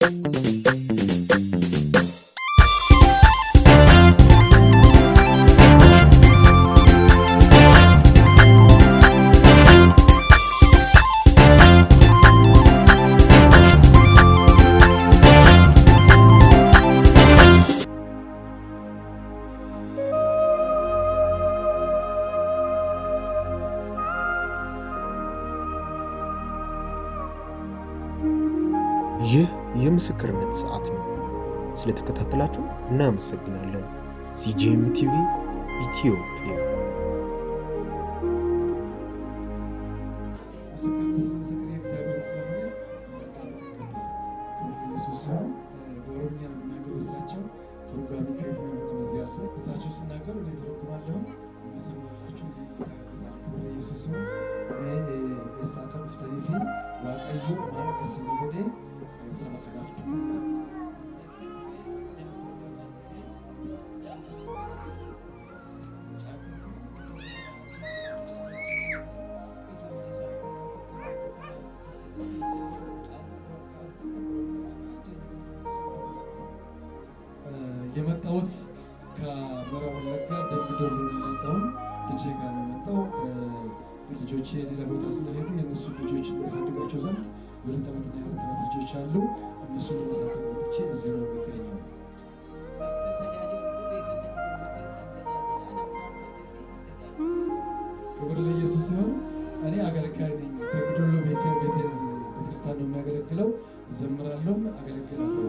Thank you. ስለተከታተላችሁ እናመሰግናለን። ሲጂኤም ቲቪ ኢትዮጵያ የመጣሁት ከምዕራብ ወለጋ ደምቢዶሎ ነው የመጣሁት። ልጄ ጋር ነው የመጣው። ልጆቼ ሌላ ቦታ ስለሄዱ የእነሱ ልጆች የሚያሳድጋቸው ዘንድ ሁለት ዓመትና የአራት ዓመት ልጆች አሉ። እነሱ ለማሳደግ መጥቼ እዚህ ነው የሚገኘው። ክብር ለኢየሱስ ሲሆን እኔ አገልጋይ ነኝ። ደምቢዶሎ ቤተክርስቲያን ነው የሚያገለግለው። ዘምራለሁም አገለግላለሁ።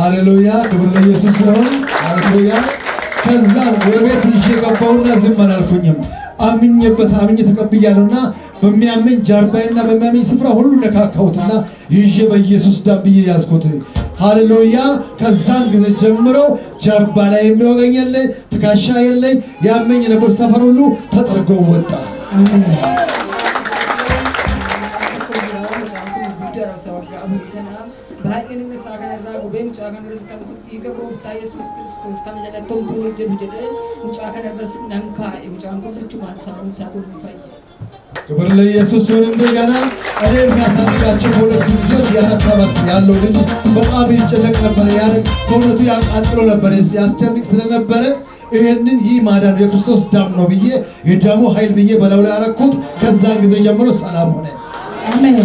አሌሉያ፣ ክብር ለኢየሱስ ይሁን። አሌሉያ። ከዛ ወደ ቤት ይዤ ገባሁና ዝም አላልኩኝም። አምኜበት አምኜ ተቀብያለሁና በሚያመኝ ጀርባዬና በሚያመኝ ስፍራ ሁሉ ነካካሁትና ይዤ በኢየሱስ ዳም ብዬ ያዝኩት። ሃሌሉያ። ከዛን ጊዜ ጀምሮ ጀርባ ላይ የሚወገኝ የለኝ፣ ትከሻ የለኝ። ያመኝ የነበር ሰፈር ሁሉ ተጠርጎ ወጣ። አሜን። baay'een isaa irraa gubee mucaa kana irras kan dhiiga gooftaa yesuus kiristoos kan jalattomtuu hojjetu jedhee mucaa kana irras nan kaa'e mucaan kun sichumaan isaa isaa guddaa fayyada ክብር ለኢየሱስ ይሁን። እንደገና እኔ የሚያሳድጋቸው ከሁለቱ ልጆች ያተሰበት ያለው ልጅ በጣም ይጨነቅ ነበር። ያን ሰውነቱ ያቃጥሎ ነበር፣ ያስጨንቅ ስለነበረ ይህንን ይህ ማዳን የክርስቶስ ደም ነው ብዬ የደሙ ኃይል ብዬ በላዩ ላይ አረኩት። ከዛን ጊዜ ጀምሮ ሰላም ሆነ። አሜን።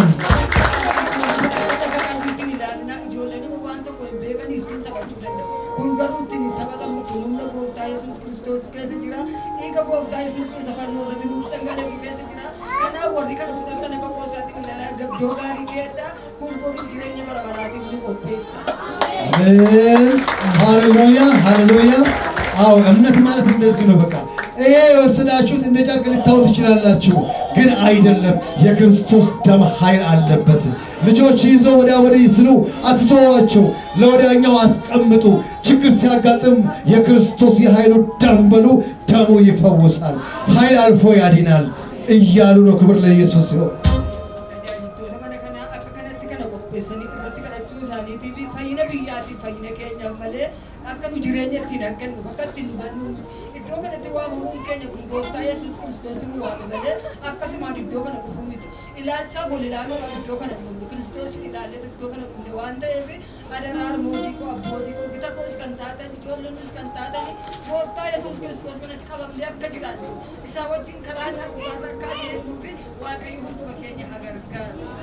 ጌታ ኢየሱስ को सफर हो रही हूं तंगा लेके कैसे गिरा कहना वो रिका तो तक तक को साथ में लला गब डोगारी केटा कुल को जिरेने पर आराधी को कोपेस አሜን ሃሌሉያ ሃሌሉያ አዎ እምነት ማለት እንደዚህ ነው በቃ ይሄ የወሰዳችሁት እንደ ጨርቅ ልታዩት ትችላላችሁ፣ ግን አይደለም። የክርስቶስ ደም ኃይል አለበት። ልጆች ይዞ ወዲያ ወዲህ ስሉ አትተዋቸው፣ ለወዲያኛው አስቀምጡ። ችግር ሲያጋጥም የክርስቶስ የኃይሉ ደም በሉ ድካሙ ይፈወሳል፣ ኃይል አልፎ ያድናል እያሉ ነው። ክብር ለኢየሱስ ሲሆን irratti waamamuun keenya kun gooftaa Yesuus Kiristoos nu waame malee akkasumaan iddoo kana dhufuu miti. Ilaalchaaf wal ilaaluudhaan iddoo kana dhufnu Kiristoosin ilaallee iddoo kana dhufne waan ta'eef adaraa harmootii koo abbootii koo gita koos kan taatan ijoollonis kan taatan gooftaa Yesuus Kiristoos kanatti qabamnee akka jiraannu isaa wajjin karaa isaa dhugaarra akka adeemnuu fi waaqayyo hunduma keenya hagargaaru.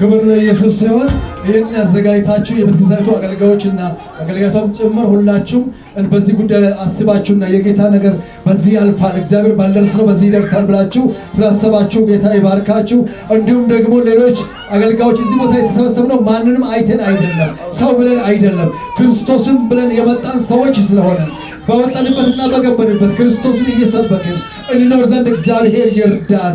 ክብር ለኢየሱስ ሲሆን ይህን ያዘጋጅታችሁ የቤተክርስቲያኒቱ አገልጋዮችና አገልጋይቷም ጭምር ሁላችሁም በዚህ ጉዳይ ላይ አስባችሁና የጌታ ነገር በዚህ ያልፋል፣ እግዚአብሔር ባልደርስ ነው በዚህ ይደርሳል ብላችሁ ስላሰባችሁ ጌታ ይባርካችሁ። እንዲሁም ደግሞ ሌሎች አገልጋዮች እዚህ ቦታ የተሰበሰብነው ማንንም አይተን አይደለም፣ ሰው ብለን አይደለም፣ ክርስቶስን ብለን የመጣን ሰዎች ስለሆነ በወጣንበትና በገበንበት ክርስቶስን እየሰበክን እንኖር ዘንድ እግዚአብሔር ይርዳን።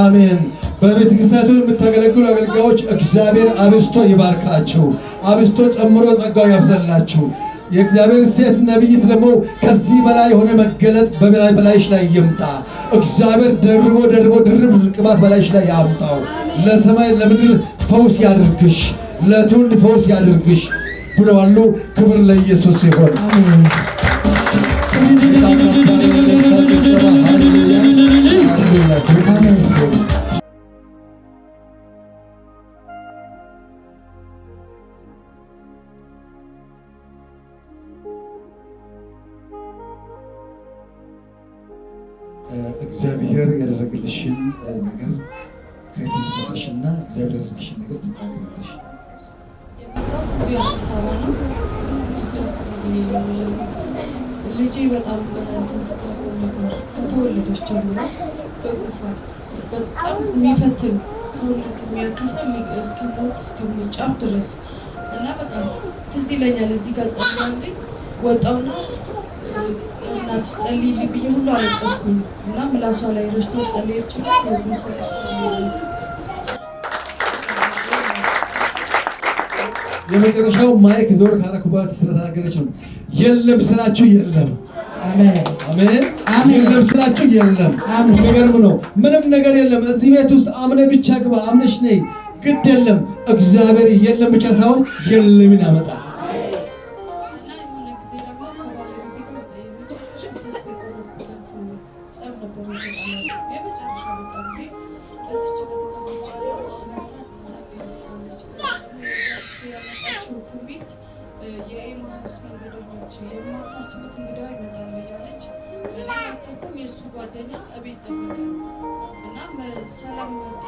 አሜን። በቤተ ክርስቲያኑ የምታገለግሉ አገልጋዮች እግዚአብሔር አብስቶ ይባርካችሁ፣ አብስቶ ጨምሮ ጸጋው ያብዛላችሁ። የእግዚአብሔር ሴት ነቢይት ደግሞ ከዚህ በላይ የሆነ መገለጥ በላይሽ ላይ ይምጣ። እግዚአብሔር ደርቦ ደርቦ ድርብ ቅባት በላይሽ ላይ ያምጣው። ለሰማይ ለምድር ፈውስ ያድርግሽ፣ ለትውልድ ፈውስ ያድርግሽ ብለዋሉ። ክብር ለኢየሱስ ይሆን። ልጆች አሉና በጣም የሚፈትን ሰውነት የሚያከሰ እስከ ሞት እስከሚጫፍ ድረስ እና በቃ ትዝ ይለኛል። እዚህ ጋር ጸልያለኝ ወጣውና እናት ጸልይልኝ ብዬ ሁሉ አለቀስኩኝ እና ምላሷ ላይ ረስቶ ጸልየች የመጨረሻው ማይክ ዞር ካረኩባት ስለተናገረች ነው። የለም ስላችሁ የለም። አሜን አሜን። የለም ስላችሁ የለም፣ የሚገርም ነው። ምንም ነገር የለም። እዚህ ቤት ውስጥ አምነ ብቻ ግባ፣ አምነሽ ነይ፣ ግድ የለም። እግዚአብሔር የለም ብቻ ሳይሆን የለምን ያመጣል። ሰላም መጣ።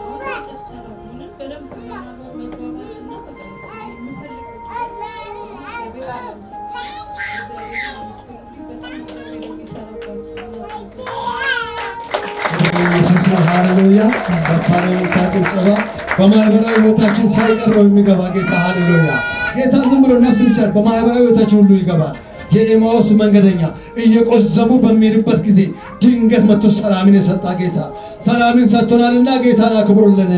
አሁን እጥፍ ሰላም ሆነ። በደንብ መናበር መግባባትና በቃ በማህበራዊ ህይወታችን ሳይቀር የሚገባ ጌታ ሃሌሉያ ጌታ ዝም ብሎ ነፍስ ብቻ በማህበራዊ ህይወታችን ሁሉ ይገባል። የኤማውስ መንገደኛ እየቆዘሙ በሚሄድበት ጊዜ ድንገት መጥቶ ሰላምን የሰጣ ጌታ ሰላምን ሰጥቶናልና ጌታን አክብሩልን።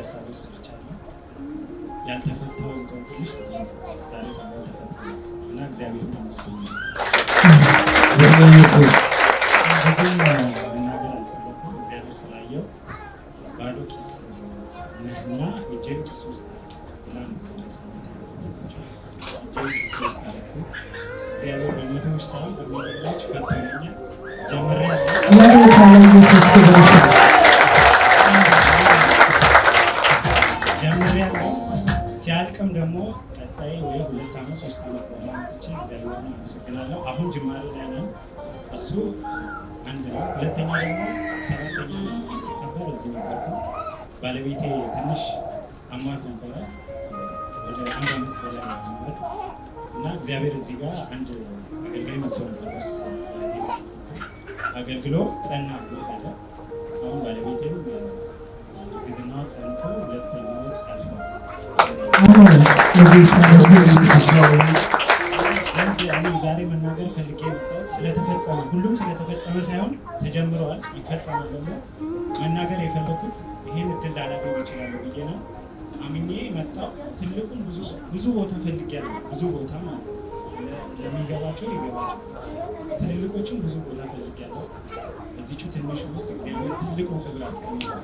ሀሳብ ውስጥ ያልተፈታው እንቆቅልሽ ዛሬ ሳምንት ተፈታ እና እግዚአብሔር ተመስገን። ብዙም መናገር አልፈለኩም። እግዚአብሔር ስላየው ባዶ ኪስ ነህና እጄን ኪስ ውስጥ ብላ እጄን ኪስ ውስጥ አልኩ። እግዚአብሔር በመቶዎች ሰዓት በሚወዳች ፈትነኛ ጀምሬ ሲያልቅም ደግሞ ቀጣይ ወይ ሁለት ዓመት ሶስት ዓመት በኋላ መጥቼ እግዚአብሔር አመሰግናለሁ። አሁን ጅማሬ ላይ ነን። እሱ አንድ ነው። ሁለተኛ ደግሞ ሰባተኛ ሲከበር እዚህ ነበርኩ። ባለቤቴ ትንሽ አሟት ነበረ ወደ አንድ ዓመት በላይ ማለት እና እግዚአብሔር እዚህ ጋር አንድ አገልጋይ መጥቶ ነበር አገልግሎ ጸና ለ አሁን ባለቤቴም ጊዜና ጸንቶ ሁለተኛው ዛሬ መናገር ፈልጌ ስለተፈጸመ ሁሉም ስለተፈጸመ ሳይሆን ተጀምረዋል፣ ይፈጸማል። ደግሞ መናገር የፈለኩት ይህን እድል ላላገኝ ይችላል ብዬ ነው አምኜ መጣው። ትልቁን ብዙ ቦታ ፈልጌያለሁ። ብዙ ቦታ ለሚገባቸው ይገባቸው፣ ትልልቆችም ብዙ ቦታ ፈልጌያለሁ። እዚቹ ትንሹ ውስጥ እግዚአብሔር ትልቁን ክብር አስቀምጧል።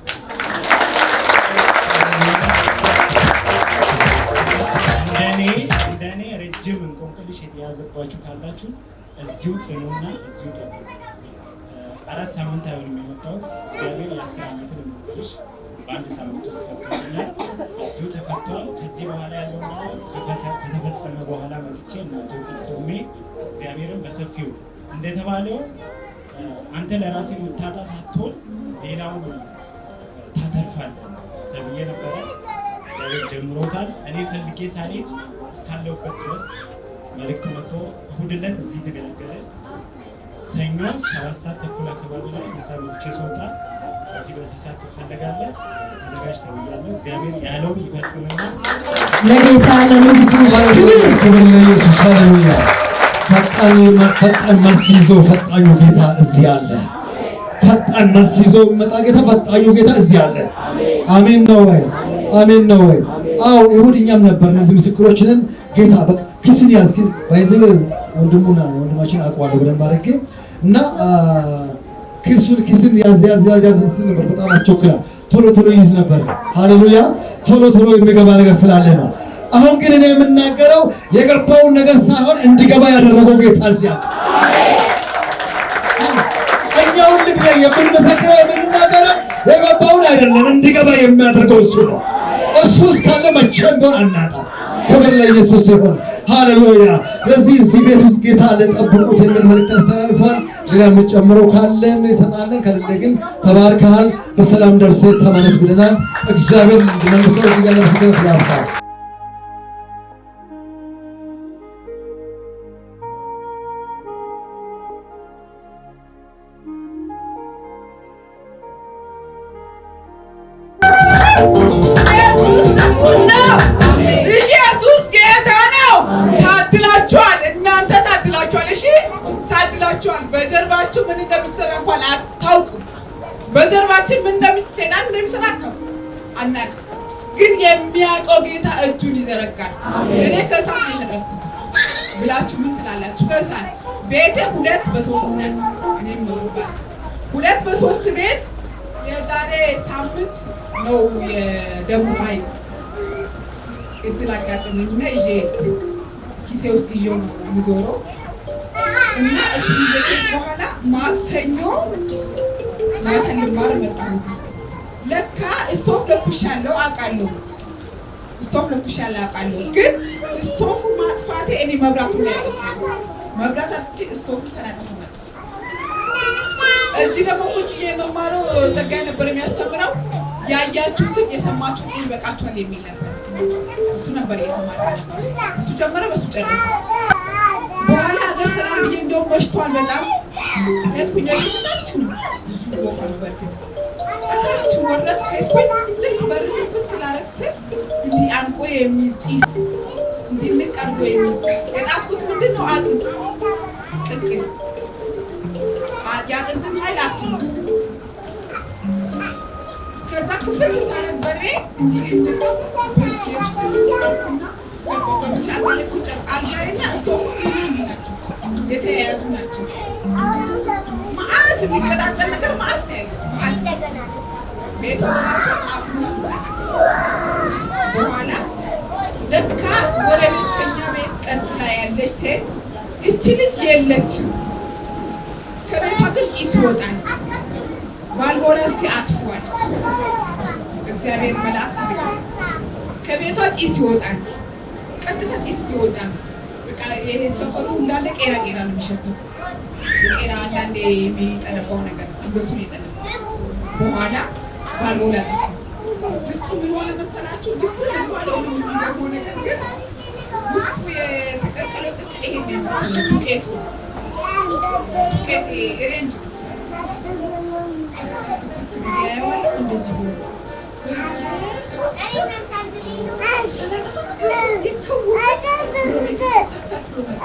እንደኔ ረጅም እንቆቅልሽ የተያዘባችሁ ካላችሁ እዚሁ ጽኑና እዚሁ ጠብቁ። አራት ሳምንት አይሆንም የመጣሁት እግዚአብሔር የአስር ዓመትን እንቆቅልሽ በአንድ ሳምንት ውስጥ ፈቶልኛል። እዚሁ ተፈቷል። ከዚህ በኋላ ያለውና ከተፈጸመ በኋላ መጥቼ እናንተ ፊት ቆሜ እግዚአብሔርን በሰፊው እንደተባለው አንተ ለራሴ የምታጣ ሳትሆን ሌላውን ታተርፋለህ ተብዬ ነበረ። እግዚአብሔር ጀምሮታል። እኔ ፈልጌ ሳልሄድ እስካለሁበት ድረስ መልእክት መጥቶ እሁድ እዚህ ተገለገለ። ሰኞ ሰባት ሰዓት ተኩል አካባቢ ላይ ምሳ በልቼ ስወጣ እዚህ በዚህ ሰዓት ትፈለጋለ ተዘጋጅ ተብያለሁ። እግዚአብሔር ያለው ይፈጽምና ለጌታ ለንጉሱ ክብር ክብር ለኢየሱስ ሃሌሉያ። ፈጣን መልስ ይዞ ፈጣኙ ጌታ እዚህ አለ። ፈጣን መልስ ይዞ መጣ ጌታ ፈጣኙ ጌታ እዚህ አለ። አሜን ነው ወይ? አሜን ነው ወይ? አዎ ይሁድ እኛም ነበር። እነዚህ ምስክሮችንን ጌታ ክስን ያዝ ባይዘው ወንድሙና ወንድማችን አውቀዋለሁ ብለን ባረጌ እና ክሱን ክስን ያዝ ያዝ ያዝ ያዝ ነበር። በጣም አስቸኩላል። ቶሎ ቶሎ ይዝ ነበር። ሃሌሉያ ቶሎ ቶሎ የሚገባ ነገር ስላለ ነው። አሁን ግን እኔ የምናገረው የገባውን ነገር ሳይሆን እንዲገባ ያደረገው ጌታ እዚያ እኛ ሁሉ ጊዜ የምንመሰክረው የምንናገረው የገባውን አይደለም እንዲገባ የሚያደርገው እሱ ነው። እሱ እስካለ መቼም ቢሆን አናጣ። ክብር ለኢየሱስ ይሁን። ሃሌሉያ። ለዚህ እዚህ ቤት ውስጥ ጌታ ለጠብቁት የሚል መልእክት አስተላልፏል። ሌላ የምጨምረው ካለን ይሰጣለን፣ ከሌለ ግን ተባርከሃል፣ በሰላም ደርሰህ ተመለስ ብለናል። እግዚአብሔር መልሶ እዚህ ጋር ለምስክነት ያብቃል። በጀርባችን ምን እንደሚሰዳን እንደሚሰራከው አናውቅም፣ ግን የሚያውቀው ጌታ እጁን ይዘረጋል። እኔ ከሳ ነው የተረፍኩት ብላችሁ ምን ትላላችሁ? ከሳ ቤቴ ሁለት በሶስት ናት። እኔ የምኖርባት ሁለት በሶስት ቤት የዛሬ ሳምንት ነው የደሙ ኃይል እድል አጋጠመኝና ይዤ ኪሴ ውስጥ ይዤ ነው የምዞረው እና እሱ ይዤ በኋላ ማክሰኞ ማየት እንማር መጣሁት። ለካ ስቶፍ ለኩሻለሁ አውቃለሁ፣ ስቶፍ ለኩሻለሁ አውቃለሁ። ግን ስቶፉ ማጥፋቴ እኔ መብራቱ ነው ያጠፋሁት። መብራት አጥቼ ስቶፉ ሳላጠፋ መጣሁ። እዚህ ደግሞ ቁጭ የመማረው ጸጋዬ ነበር የሚያስተምረው። ያያችሁትን የሰማችሁትን ይበቃችኋል የሚል ነበር። እሱ ነበር የተማረ። እሱ ጀመረ፣ በሱ ጨረሰ። በኋላ ሀገር ሰላም ብዬ እንደውም መሽቷል በጣም ሄድኩኝ ታች ነው ብዙ ጎፋ ነው በእርግጥ እታች ወረድኩ ሄድኩኝ ልክ በር ክፍት ላደርግ ስል እንዲህ አንቆ የሚይዝ ጢስ እንዲህ ልቅ አድርጎ የሚይዝ የጣትኩት ምንድን ነው አጥንት ጥቅ የአጥንትን ኃይል አስሙት ከዛ ክፍት ሳደርግ በሬ እንዲህ ልቅ በኢየሱስ ስልኩና ገብቻ ቁጭ አልጋዬና እስቶፉ ምናምን ናቸው የተያያዙ ናቸው ማለት የሚቀጣጠል ነገር ማለት ነው ቤቷ በራሷ አፍና በኋላ ለካ ጎረቤት ከኛ ቤት ቀንጥላ ያለች ሴት እች ልጅ የለችም። ከቤቷ ግን ጭስ ይወጣል። ባልቦራ እስኪ አጥፏለች። እግዚአብሔር መልአክ ሲልክ ከቤቷ ጭስ ይወጣል። ቀጥታ ጭስ ይወጣል። ሰፈሩ እንዳለ ቄራ ቄራ ነው የሚሸተው የጤና አንዳንዴ የሚጠነፋው ነገር እንደሱን የጠለፈው በኋላ ባልቦላ ጠፋ። ድስቱ ምን ሆነ መሰላችሁ? ድስቱ ምን ሆነ የሚገርመው ነገር ግን ውስጡ የተቀቀለው ቅቅል ይሄን የመሰለ ዱቄቱ ዱቄት ሬንጅ መስሏል። እንደዚህ ሆኖ ሰላጠፋ ነገር ይከውሳል። ጎረቤት ተታፍሎ መጣ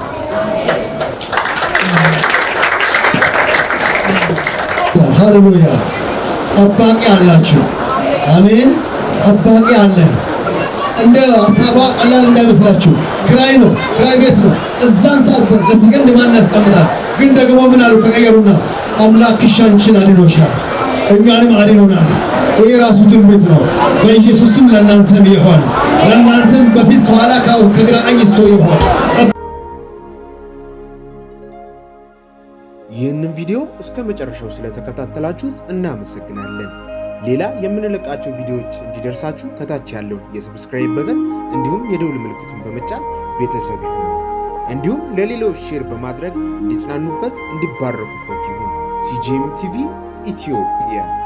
ሃሌሉያ ጠባቂ አላችሁ። አሜን። ጠባቂ አለ። እንደ ሀሳቧ ቀላል እንዳይመስላችሁ። ክራይ ነው፣ ክራይ ቤት ነው። እዛን ሰዓት ለሰከንድ ማን ያስቀምጣል? ግን ደግሞ ምን አሉ ተቀየሩና፣ አምላክሽ አንቺን አድኖሻል፣ እኛንም አድኖናል። ይህ ራሱ ትንቢት ነው። በኢየሱስም ለእናንተም ይሆን ለእናንተም በፊት ከኋላ ከግራ ቀኝ እሱ ይሆን ይህን ቪዲዮ እስከ መጨረሻው ስለተከታተላችሁት እናመሰግናለን። ሌላ የምንለቃቸው ቪዲዮዎች እንዲደርሳችሁ ከታች ያለው የሰብስክራይብ በተን እንዲሁም የደውል ምልክቱን በመጫን ቤተሰብ ይሁኑ። እንዲሁም ለሌሎች ሼር በማድረግ እንዲጽናኑበት፣ እንዲባረኩበት ይሁን። ሲጂኤም ቲቪ ኢትዮጵያ